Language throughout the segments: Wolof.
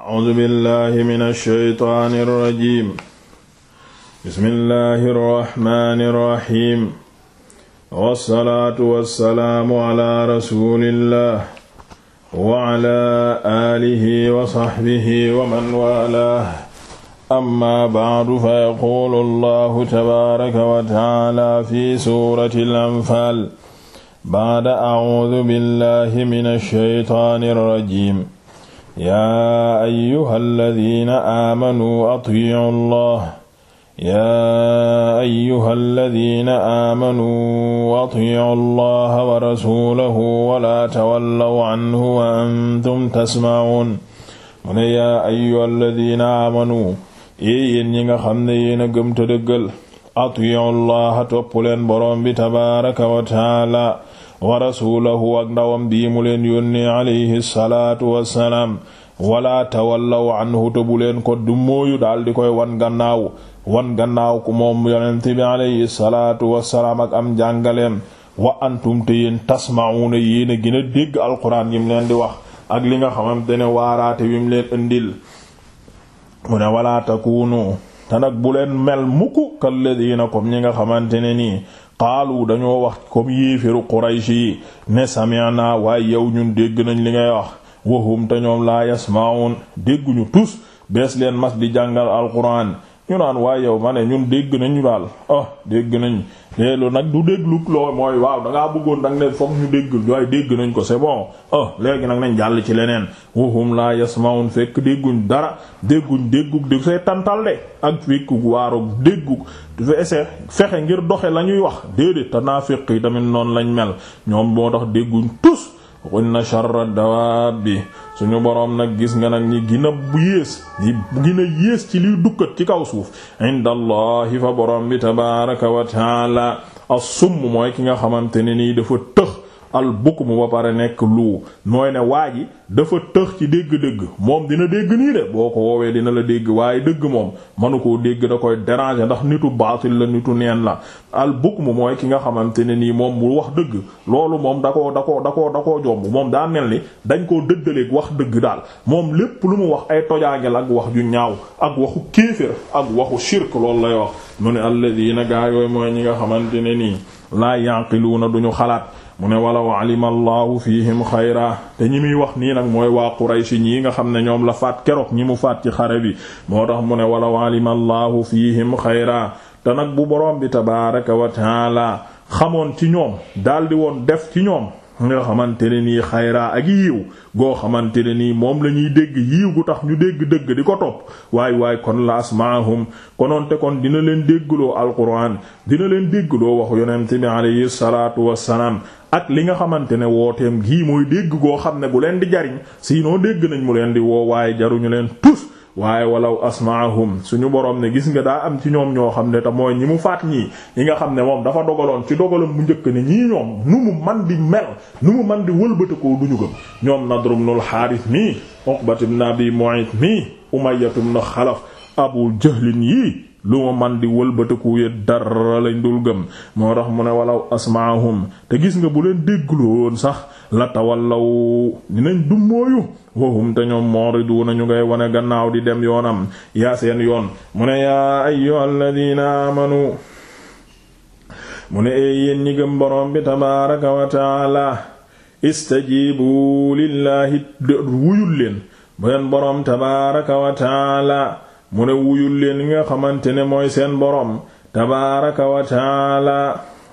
A'uuzu billaahi mina shaytaani rajiim. Bismillaahi rahmaani rahiim. Wassalaatu wassalaamu alaa rasuulillaah wa alaa aalihi wa sahbihi wa man waalaah. Ammaa ba'du fa yaquulu Allaahu tabaaraka wa ta'aalaa fi suuratil Anfaal ba'da a'uuzu billaahi mina shaytaani rajiim. yaa ayyuhal ladhiina aamanuu atii'u llaah yaa ayyuhal ladhiina aamanuu atii'u llaaha wa rasuulahu wa laa tawallaw anhu wa antum tasma'uun mu ne yaa ayyuhal ladhiina aamanuu yéen ñi nga xam ne yéen a gëm te dëggal atii'u llaaha topp leen boroom bi tabaaraka wa ta'aala wa ak ndawam bii mu leen yónnee alayhi salaatu wassalaam wala tawallaw anhu te bu leen ko du mooyu daal koy wan gannaaw wan gannaaw ku moom yonent bi alayhi salaatu wassalaam ak am njàngaleem wa antum te yéen tasma'una yéen a gën dégg alquran yim leen di wax ak li nga xamante ne waaraate yim leen indil mu ne wala takunu te nag bu leen mel mukk ko kom ñi nga xamante ne nii qaalu dañoo wax comme yéefiru Quraysh yi ne sami'na waaye yow ñun dégg nañ li ngay wax wahum te ñoom laa yasma'un dégguñu tus bees leen mas di jàngal alquran ñu naan waaye yow ma ne ñun dégg nañu daal ah dégg nañ léelu nag du déglu loo mooy waaw dangaa bëggoon danga ne foog ñu dégg waaye dégg nañ ko c'est bon ah léegi nag nañ jàll ci leneen wahum laa yasmaun fekk dégguñ dara dégguñ déggug di fay tantal de ak fekkug waarug déggug dafa essayer fexe ngir doxe la ñuy wax naa tanaafiq yi tamit noonu lañ mel ñoom boo tax dégguñ tus xunna sharra bi suñu boroom nag gis nga nag ñi gën a yées ñi gën yées ci liy dukkat ci kaw suuf inda allahi fa boroom bi tabaaraka wa taala as mooy ki nga xamante ne nii dafa tëx al bukk mu ba pare nekk lu mooy ne waa ji dafa tëx ci dégg-dégg moom dina dégg nii de boo ko woowee dina la dégg waaye dëgg moom manu koo dégg da koy déranger ndax nitu baatil la nitu neen la al bukk mu mooy ki nga xamante ne nii moom mu wax dëgg loolu moom da koo da koo da koo da koo jomb moom daa mel ni dañ koo dëddaleeg wax dëgg daal moom lépp lu mu wax ay tojaangel ak wax ju ñaaw ak waxu kéefër ak waxu shirk loolu lay wax mu ne alladina gaa yooyu moo ñi nga xamante ne nii laa yanqiluuna duñu xalaat mu ne wala walaw alima allahu fihim xayra te ñi muy wax nii nag mooy waa Quraysh ñi nga xam ne ñoom la faat keroog ñi mu faat ci xare bi moo tax mu ne wala walaw alima allahu fihim xayra te nag bu boroom bi tabaaraka wa taala xamoon ci ñoom daldi woon def ci ñoom nga xamante ne nii xayraa ak yiiw goo xamante ne nii moom la ñuy dégg yiiw gu tax ñu dégg dëgg di ko topp waaye waaye kon la asmaahum konoonte kon dina leen déggloo alquran dina leen déggloo waxu yonent bi alayhi salaatu wassalaam ak li nga xamante ne wooteem gii mooy dégg goo xam ne gu leen di jariñ siinoo dégg nañ mu leen di woo waaye jaruñu leen tus waaye walaw asmaahum suñu borom ne gis nga daa am ci ñoom ñoo xam ne te mooy ñi mu faat ñii ñi nga xam ne moom dafa dogaloon ci dogalam bu njëkk ne ñii ñoom nu mu man di mel nu mu man di wëlbatakoo duñu gëm ñoom Nadr ibn al-Harith mii Uqbat ibn Abi Mu'ayt mii Umayyah ibn Khalaf Abu Jahl yii lu ma man di wëlbatiku ya dara lañ dul gëm moo tax mu ne walaw asmaahum te gis nga bu leen déggloon sax la tawallaw dinañ dummóoyu wahum te ñoom mooriduuna ñu ngay wane gannaaw di dem yoonam yaa seen yoon mu ne yaa ayyuhal ladina amanu mu ne ee yéen ñi gëm borom bi tabaaraka wa taala istajibu lillahi wuyul leen bu leen boroom tabaaraka wa taala mu ne wuyul leen li nga xamante ne mooy seen boroom tabaaraka wa taala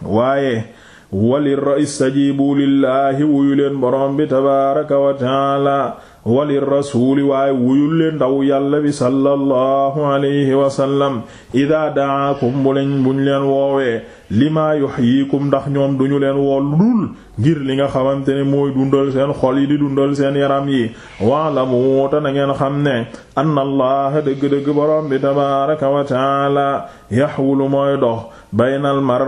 waaye walir istajibu lillaahi wuyu leen boroom bi tabaaraka wa taala walir rasuuli waaye wuyul leen ndaw yàlla bi sallallahu alayhi wasallam ida daakum bu leen buñ leen woowee limaa yuxyikum ndax ñoom duñu leen woo dul ngir li nga xamante ne mooy dundal seen xol yi di dundal seen yaram yi waalamu te na ngeen xam ne anna allaha dëgg-dëgg borom bi tabaaraka wa taala yaxwulu mooy dox baynal mar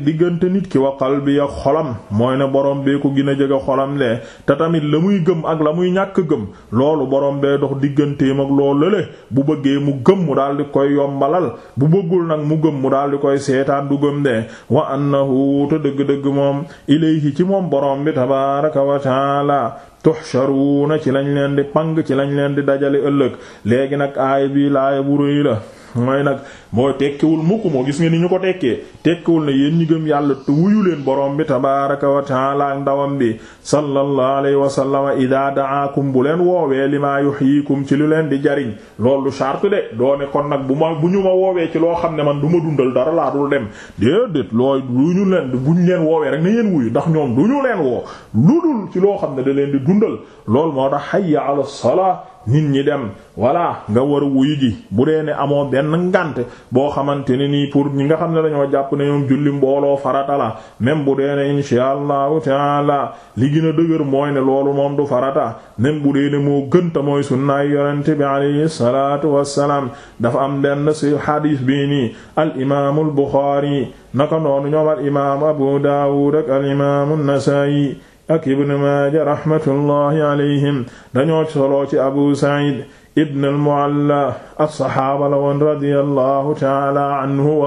diggante nit ki wa bi ak xolam mooy ne borom bee ko gën a jege xolam de te tamit la muy gëm ak la muy ñàkk gëm loolu borom bee dox digganteem ak loolu le bu bëggee mu gëm mu daal di koy yombalal bu bëggul nag mu gëm mu daal di koy seetaan du gëm de wa annahu te dëgg-dëgg moom ilayhi ci moom borom bi tabaaraka wa taala tuhsharuuna ci lañ leen di pang ci lañ leen di dajale ëllëg léegi nag aay bi laaya bu rëy la mooy nag mooy tekkiwul mukk moo gis nga ni ñu ko tekkee tekkiwul ne yéen ñi gëm yàlla te wuyu leen borom bi tabaaraka wa taala ndawam bi sallallahu alayhi wa sallam idaa da'aakum bu leen woowee limaa yuhyikum ci lu leen di jariñ loolu charte de doone kon nag bu ma bu ñu ma woowee ci loo xam ne man du ma dundal dara laa dul dem déedéet looy du ñu leen buñ leen woowee rek na yéen wuyu ndax ñoom du ñu leen woo lu dul ci loo xam ne da leen di dundal loolu moo tax hayya ala salaa nit ñi dem voilà nga war a bu dee ne amoo benn ngànt boo xamante ne nii pour ñi nga xam ne dañoo jàpp ne ñoom julli mbooloo farata la même bu dee ne insha allahu taala li gën a dëgër mooy ne loolu moom du farata même bu dee ne moo gën mooy sunnaay yonent bi alayhi salaatu wassalaam dafa am benn ci xadiis bii nii al imaamul buxaari naka noonu ñoom al imaam abu daawud ak al imaamu nasaayi ak ibnu maaja rahmatullahi alayhim dañoo soloo ci abu said ibn al-Mu'alla as-saxaaba la woon radiyallahu taala anhu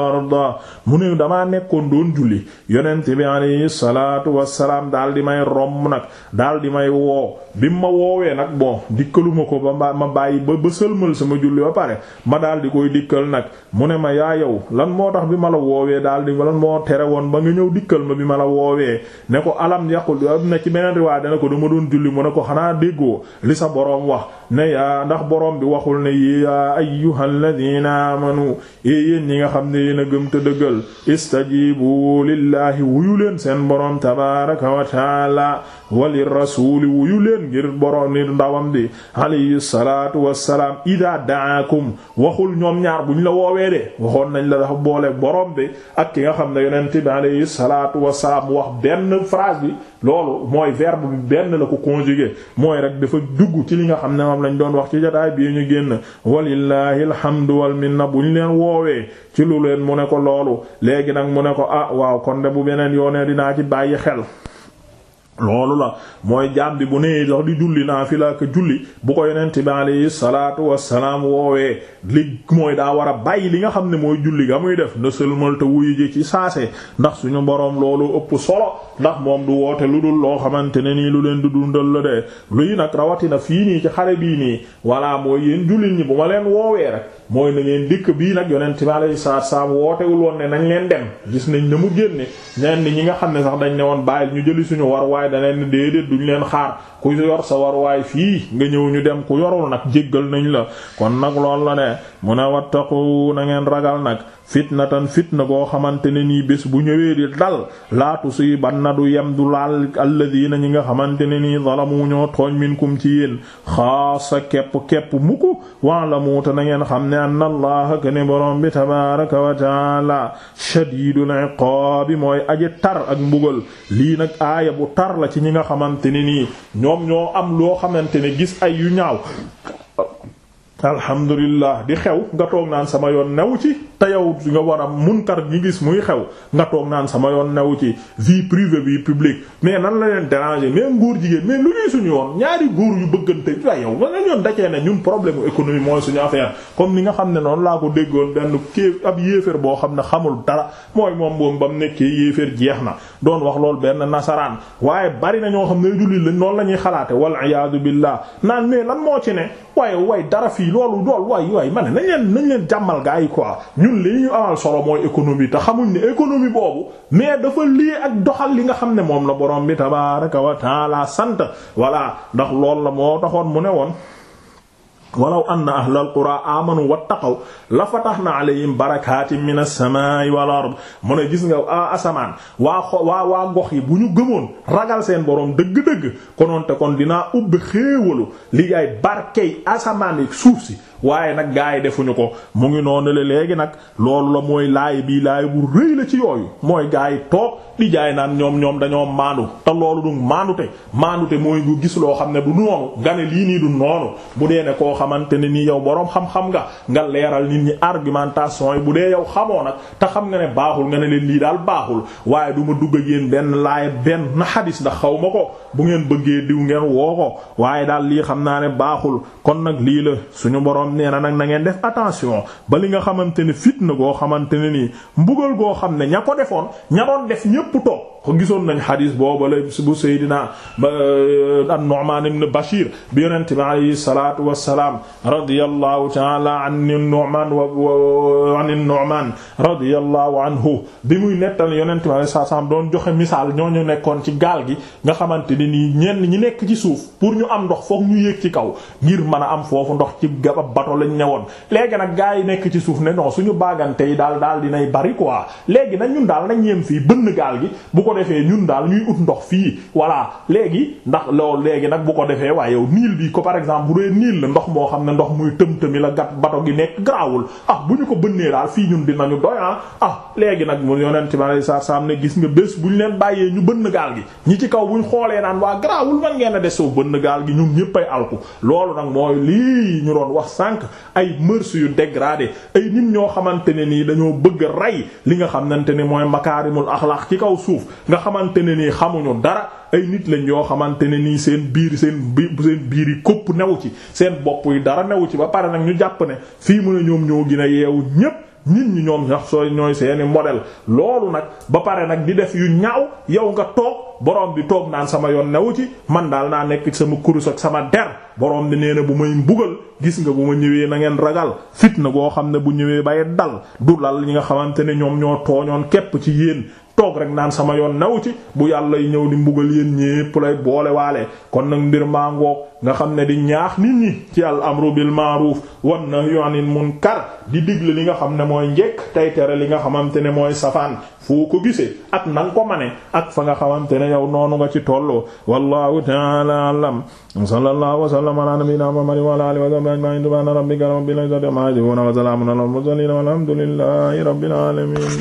mu ne damaa nekkoon doon julli yonent bi alayhi salaatu wassalaam daal di may romb nag daal di may woo bi ma woowee nag bon dikkaluma ko ba ma bàyyi ba ba sëlmal sama julli ba pare ma daal di koy dikkal nag mu ne ma yaa yow lan moo tax bi ma la woowee daal di lan moo tere woon ba nga ñëw dikkal ma bi ma la woowee ne ko alam yaqul am na ci beneen riwaay dana ko dama doon julli mu ne ko xanaa déggoo li sa boroom wax ne yaa ndax borom bi waxul ne yaa ayyuhal ladina amanu yéen ñi nga xam ne yéen a gëm te dëggal istajibu lillahi wuyu leen seen borom tabaraka wa taala wali rasuli wuyu leen ngir borom ni ndawam bi alayhi salaatu wassalaam ida daakum waxul ñoom ñaar buñ la woowee de waxoon nañ la dafa boole borom bi ak ki nga xam ne yonent bi alayhi salaatu wassalaam wax benn phrase bi loolu mooy verbe bi benn la ko conjugué mooy rek dafa dugg ci li nga xam ne moom lañ doon wax ci jotaay bii ñu génn walillahi alhamdu wal minna bu ñu leen woowee ci lu leen mu ne ko loolu léegi nag mu ne ko ah waaw kon de bu beneen yoonee dinaa ci bàyyi xel loolu la mooy jaam bi bu nee dox di julli naa fi la ko julli bu ko yonent bi alayhi salaatu wassalaam woowee li mooy daa war a bàyyi li nga xam ne mooy julli ga muy def na sëlmal te wuyu ji ci saase ndax suñu boroom loolu ëpp solo ndax moom du woote lu dul loo xamante ne nii lu leen di dundal la de luy nag rawatina fii nii ci xare bii nii walla mooy yéen jullit ñi bu ma leen woowee rek mooy na ngeen dikk bii nag yonent bi alayhi salaatu wassalaam wootewul woon ne nañ leen dem gis nañ ne mu génne ñenn ñi nga xam ne sax dañ ne woon bàyyil suñu war ne da leen déedéet duñ leen xaar ku yor sa warwaay fii nga ñëw ñu dem ku yorul nag jéggal nañ la kon nag lool la ne mu ne wattaqu na ngeen ragal nag fitnatan fitna boo xamante ne nii bés bu ñëwee di dal laatu si ban na du yem du laal na ñi nga xamante ne nii zalamu ñoo tooñ minkum ci yéen xaasa kepp kepp mu ko wa'lamu ta na ngeen xam ne anna allaha kene borom bi tabaraka wa taala shadidul iqabi mooy la ci ñi nga xamante ne nii ñoom ñoo am loo xamante ne gis ay yu ñaaw alhamdulillah di xew nga toog naan sama yoon new ci te yow nga war a munkar ñi gis muy xew nga toog naan sama yoon new ci vie privée vie publique mais nan la leen déranger mais nguur jigéen mais lu ñuy suñu yoon ñaari góor yu bëggante waaye yow nga leen yoon dacee ne ñun problème u économie mooy suñu affaire comme ni nga xam ne noon laa ko déggoon benn kii ab yéeféer boo xam ne xamul dara mooy moom boom ba mu nekkee yéeféer jeex na doon wax loolu benn nasaraan waaye bari na ñoo xam ne jullit la noonu la ñuy xalaate wal iyaadu billah naan mais moo ci ne yi loolu loolu waay waay ma ne nañ leen nañ leen jàmmal gars yi quoi ñun li ñu amal solo mooy te xamuñ ne économie boobu mais dafa lii ak doxal li nga xam ne moom la borom bi tabaaraka wa laa sant voilà ndax loolu la moo taxoon mu ne woon. walaw anna ahlal qura amanu wattaqaw la fatahna alayhim barakatin min as-samaa'i wal ard mu ne gis nga a asamaan waa xo waa waa ngox yi bu ñu gëmoon ragal seen boroom dëgg-dëgg konoonte kon dinaa ubbi xéewalu li ay barkey asamaan yi suuf si waaye nag gaa yi defuñu ko mu ngi noonu la léegi nag loolu la mooy laay bii laay bu rëy la ci yooyu mooy gaa yi toog di jaay naan ñoom ñoom dañoo maandu te loolu du maandute maandute mooy nga gis loo xam ne du noonu nga lii bu dee xamante ne nii yow boroom xam-xam nga nga leeral nit ñi argumentation yi bu dee yow xamoo nag te xam nga ne baaxul nga ne leen lii daal baaxul waaye du ma dugg ak yéen benn laay benn na xadis ndax xaw ma ko bu ngeen bëggee diw ngeen woo ko waaye daal lii xam naa ne baaxul kon nag lii la suñu boroom nee na nag na ngeen def attention ba li nga xamante ne fitna goo xamante ne nii mbugal goo xam ne ña ko defoon ña doon def ñépp toog ko gisoon nañ xadis boobu la bu Seydina an-Nu'man ibn Bashir bi yonent bi alayhi Hishaam radiyallahu ta'ala an Nu'maan wa an Nu'maan radiyallahu anhu bi muy nettal yonent sa sa salaam doon joxe misaal ñoo nekkoon ci gaal gi nga xamante ni nii ñenn ñi nekk ci suuf pour ñu am ndox foog ñu yéeg ci kaw ngir mën a am foofu ndox ci gaba bato lañ ñëwoon léegi nag gaa yi nekk ci suuf ne non suñu baagante yi daal daal dinay bari quoi léegi nag ñun daal na yem fii bënn gaal gi bu ko defee ñun daal ñuy ut ndox fii voilà léegi ndax loolu léegi nag bu la boo xam ne ndox muy tëm-tëmi la gat bato gi nekk garaawul ah bu ñu ko bënnee daal fii ñun dinañu doy ah ah léegi nag mu yonent bi alayhi salaam ne gis nga bés bu ñu leen bàyyee ñu bënn gaal gi ñi ci kaw bu ñu xoolee naan waa garaawul man ngeen a desoo bënn gaal gi ñun ñëpp ay alku loolu nag mooy lii ñu doon wax sànq ay mœurs yu dégradé ay nit ñoo xamante ne nii dañoo bëgg rey li nga xamante ne mooy makaarimul axlaq ci kaw suuf nga xamante ne xamuñu dara ay nit lañ yoo xamante ne nii seen biir seen bi biir yi kopp newu ci seen bopp yi dara newu ci ba pare nag ñu jàpp ne fii mu ne ñoom ñoo gën a yeewu ñépp nit ñi ñoom sax sooy ñooy seeni modèle loolu nag ba pare nag di def yu ñaaw yow nga toog borom bi toog naan sama yoon newu ci man daal naa nekk sama kurus ak sama der borom bi nee na bu may mbugal gis nga bu ma ñëwee na ngeen ragal fitna goo xam ne bu ñëwee bay dal du lal ñi nga xamante ne ñoom ñoo tooñoon képp ci yéen toog rek naan sama yoon naw ci bu yàlla yi ñëw di mbugal yéen ñépp lay boole waale kon nag mbir maa ngoog nga xam ne di ñaax nit ñi ci al amru bil ma'ruf wan nahyu anil munkar di digle li nga xam ne mooy njekk tey tere li nga xamante ne mooy safaan foo ko gisee ak nanga ko mane ak fa nga xamante ne yow noonu nga ci tolloo wallahu ta'ala a'lam sallallahu wa sallama ala nabiyyina muhammadin wa wa sahbihi ajma'in subhana